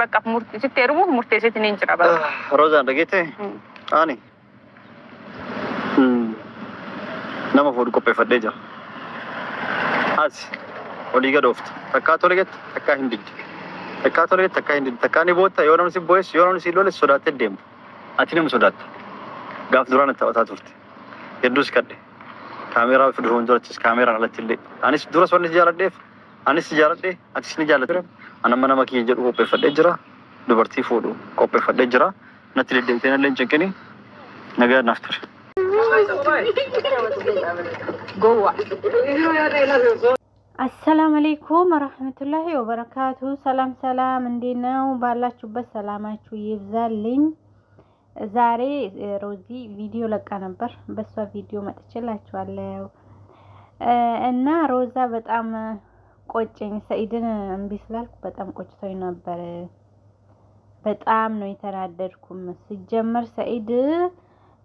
በቃ ሙርቲ ስትሄድሙ ሙርቴ ሴት ነኝ ጭራ በቃ ሮዛ ደጌቴ አኔ ነመ ፎድ ቆጴ ፈደ ጃ አስ ኦሊገ ዶፍት ተካ ቶለገት ተካ ሂንድድ ተካ ቶለገት ተካ ሂንድድ ተካ ኒ ቦታ የሆነም ሲ ቦይስ የሆነም ሲ ሎለ ሶዳት ደም አትንም ሶዳት ጋፍ ዱራን ተወታ ቱርት የዱስ ከደ ካሜራ ፍድሮን ዶረችስ ካሜራ አለችልኝ አንስ ዱረስ ወንጅ ያረደፍ Anis jaaladhe atis ni jaaladhe. Anak mana makin makiyya jedhu qopheeffadhee jira. Dubartii fuudhu qopheeffadhee jira. Natti deddeebiteen illee hin cinqini. Nagaa naaf ture. አሰላም አሌይኩም ወረህመቱላሂ ወበረካቱ። ሰላም ሰላም፣ እንዴት ነው ባላችሁበት ሰላማችሁ ይብዛልኝ። ዛሬ ሮዚ ቪዲዮ ለቃ ነበር፣ በሷ ቪዲዮ መጥቼላችኋለሁ እና ሮዛ በጣም ቆጨኝ። ሰኢድን እምቢ ስላልኩ በጣም ቆጭቶኝ ነበር። በጣም ነው የተናደድኩም። ሲጀመር ሰኢድ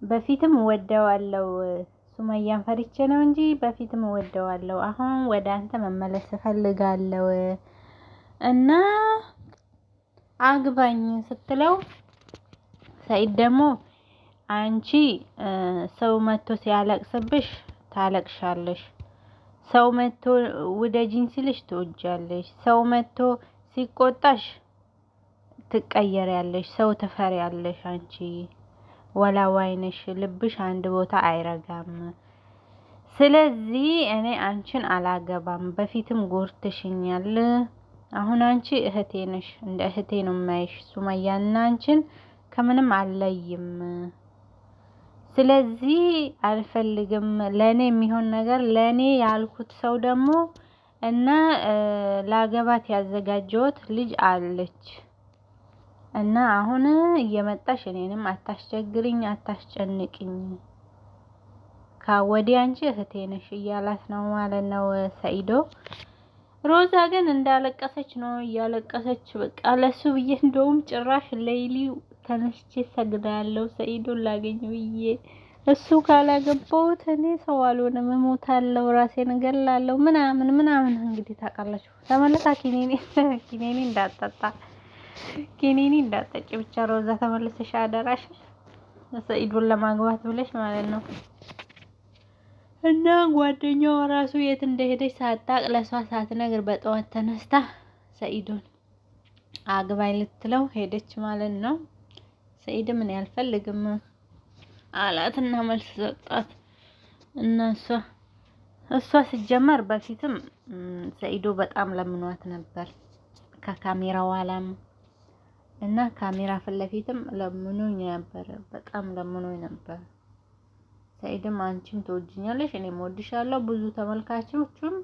በፊትም ወደዋለው ሱመያን ፈሪቼ ነው እንጂ በፊትም ወደዋለው። አሁን ወደ አንተ መመለስ እፈልጋለው እና አግባኝ ስትለው ሰኢድ ደግሞ አንቺ ሰው መጥቶ ሲያለቅስብሽ ታለቅሻለሽ ሰው መጥቶ ውደጅኝ ሲልሽ ትወጃለሽ። ሰው መጥቶ ሲቆጣሽ ትቀየሪያለሽ። ሰው ትፈሪያለሽ። አንቺ ወላዋይ ነሽ፣ ልብሽ አንድ ቦታ አይረጋም። ስለዚህ እኔ አንቺን አላገባም። በፊትም ጎርትሽኛል። አሁን አንቺ እህቴ ነሽ፣ እንደ እህቴ ነው የማይሽ። ሱመያና አንቺን ከምንም አልለይም። ስለዚህ አልፈልግም። ለእኔ የሚሆን ነገር ለእኔ ያልኩት ሰው ደግሞ እና ለአገባት ያዘጋጀሁት ልጅ አለች እና አሁን እየመጣሽ እኔንም አታስቸግርኝ፣ አታስጨንቅኝ ከወዲህ አንቺ እህቴ ነሽ እያላት ነው ማለት ነው ሰኢዶ። ሮዛ ግን እንዳለቀሰች ነው እያለቀሰች። በቃ ለሱ ብዬ እንደውም ጭራሽ ሌሊ ተነስቼ ሰግዳለሁ፣ ሰኢዱን ላገኝ ብዬ እሱ ካላገባሁት እኔ ሰው አልሆነም፣ እሞታለሁ፣ ራሴን እገላለሁ ምናምን ምናምን። እንግዲህ ታውቃላችሁ፣ ተመለሳ ኪኔኔ ኪኔኔ እንዳጠጣ ኪኔኔ እንዳጠጪ ብቻ ሮዛ ተመለሰሽ አደራሽ ሰኢዱን ለማግባት ብለሽ ማለት ነው። እና ጓደኛዋ ራሱ የት እንደሄደች ሳታቅ ለሷ ሳትነግር በጠዋት ተነስታ ሰኢዱን አግባኝ ልትለው ሄደች ማለት ነው። ሰኢድም እኔ አልፈልግም አላት እና መልስ ሰጣት እና እሷ እሷ ሲጀመር በፊትም ሰኢዶ በጣም ለምኗት ነበር ከካሜራው አላም እና ካሜራ ፊት ለፊትም ለምኖኝ ነበር፣ በጣም ለምኖኝ ነበር። ሰኢድም አንቺም ትወጂኛለሽ፣ እኔም ወድሻለሁ፣ ብዙ ተመልካቾችም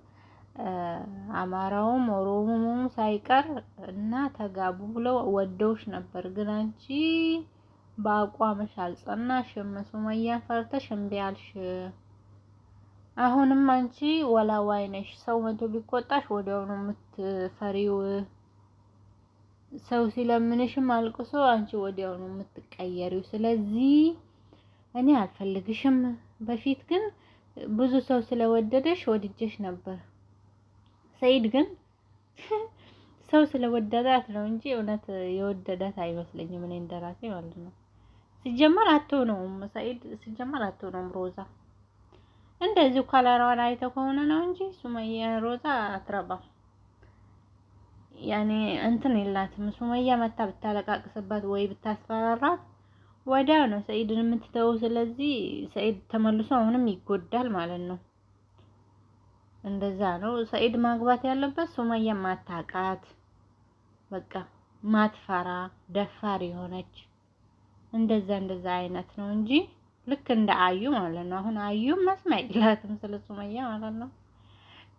አማራውም ኦሮሞም ሳይቀር እና ተጋቡ ብለው ወደውሽ ነበር ግን አንቺ በአቋምሽ አልጸናሽም። ሱመያን ፈርተሽ እምቢ አልሽ። አሁንም አንቺ ወላዋይ ነሽ። ሰው መቶ ቢቆጣሽ ወዲያውኑ የምትፈሪው ሰው ሲለምንሽም አልቅሶ አንቺ ወዲያውኑ የምትቀየሪው። ስለዚህ እኔ አልፈልግሽም። በፊት ግን ብዙ ሰው ስለወደደሽ ወድጀሽ ነበር። ሰይድ ግን ሰው ስለወደዳት ነው እንጂ እውነት የወደዳት አይመስለኝም። እኔ እንደራሴ ማለት ነው። ሲጀመር አትሆነውም ሰኢድ፣ ሲጀመር አትሆነውም ሮዛ። እንደዚሁ ከለሯን አይተ ከሆነ ነው እንጂ ሱመያ ሮዛ አትረባም። ያኔ እንትን የላትም ሱመያ መታ ብታለቃቅስባት ወይ ብታስፈራራት ወዲያው ነው ሰኢድን የምትተው። ስለዚህ ሰኢድ ተመልሶ አሁንም ይጎዳል ማለት ነው። እንደዛ ነው ሰኢድ ማግባት ያለበት ሱመያ ማታቃት፣ በቃ ማትፈራ ደፋር የሆነች እንደዛ እንደዛ አይነት ነው እንጂ ልክ እንደ አዩ ማለት ነው። አሁን አዩ መስሚያ የላትም ስለ ሱመያ ማለት ነው።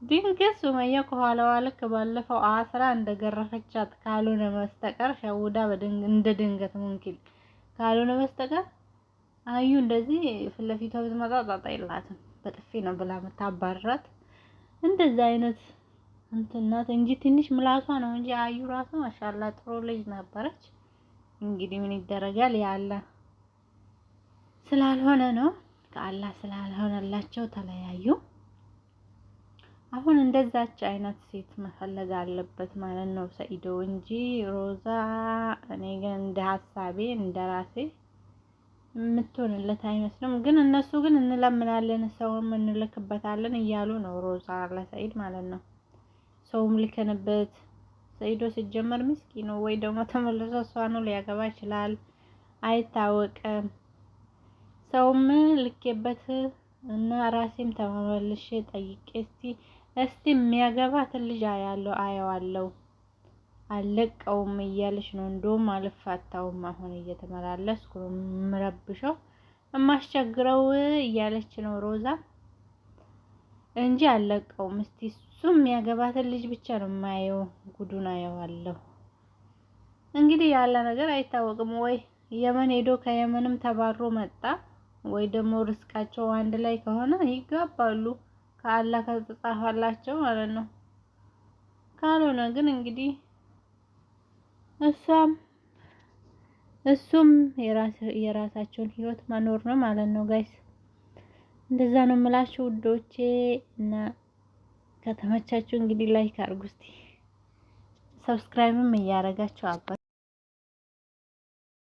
ድንገት ሱመያ ከኋላዋ ልክ ባለፈው አስራ እንደገረፈቻት ካልሆነ በስተቀር ሸውዳ እንደ ድንገት ሙንኪል ካልሆነ በስተቀር አዩ እንደዚህ ፊት ለፊቷ ብትመጣ ጣጣ የላትም። በጥፊ ነው ብላ የምታባርራት እንደዛ አይነት እንትናት እንጂ ትንሽ ምላሷ ነው እንጂ አዩ ራሱ ማሻላ ጥሩ ልጅ ነበረች። እንግዲህ ምን ይደረጋል? ያለ ስላልሆነ ነው። ከአላ ስላልሆነላቸው ተለያዩ። አሁን እንደዛች አይነት ሴት መፈለግ አለበት ማለት ነው ሰኢዶ እንጂ ሮዛ። እኔ ግን እንደ ሀሳቤ እንደ ራሴ የምትሆንለት አይመስልም። ግን እነሱ ግን እንለምናለን ሰውም እንልክበታለን እያሉ ነው ሮዛ ለሰኢድ ማለት ነው ሰውም ልከንበት ሰይዶ ሲጀመር ምስኪ ነው ወይ ደግሞ ተመልሶ ነው ሊያገባ ይችላል፣ አይታወቅም። ሰውም ልኬበት እና ራሴም ተመልሼ ጠይቄ እስቲ እስቲ የሚያገባ ልጅ አያለው አየዋለው አለቀውም እያለች ነው። እንደውም አልፋታውም አሁን እየተመላለስኩ ነው የምረብሸው የማስቸግረው እያለች ነው ሮዛ እንጂ አለቀውም እስቲ እሱም የሚያገባትን ልጅ ብቻ ነው የማየው። ጉዱን አየዋለሁ። እንግዲህ ያለ ነገር አይታወቅም። ወይ የመን ሄዶ ከየመንም ተባሮ መጣ፣ ወይ ደግሞ ርስቃቸው አንድ ላይ ከሆነ ይጋባሉ፣ ከአላህ ከተጻፈላቸው ማለት ነው። ካልሆነ ግን እንግዲህ እሷም እሱም የራሳቸውን ህይወት መኖር ነው ማለት ነው። ጋይስ እንደዛ ነው የምላችሁ ውዶቼ እና ከተመቻችሁ እንግዲህ ላይክ አድርጉ እስቲ ሰብስክራይብም እያደረጋችሁ አባ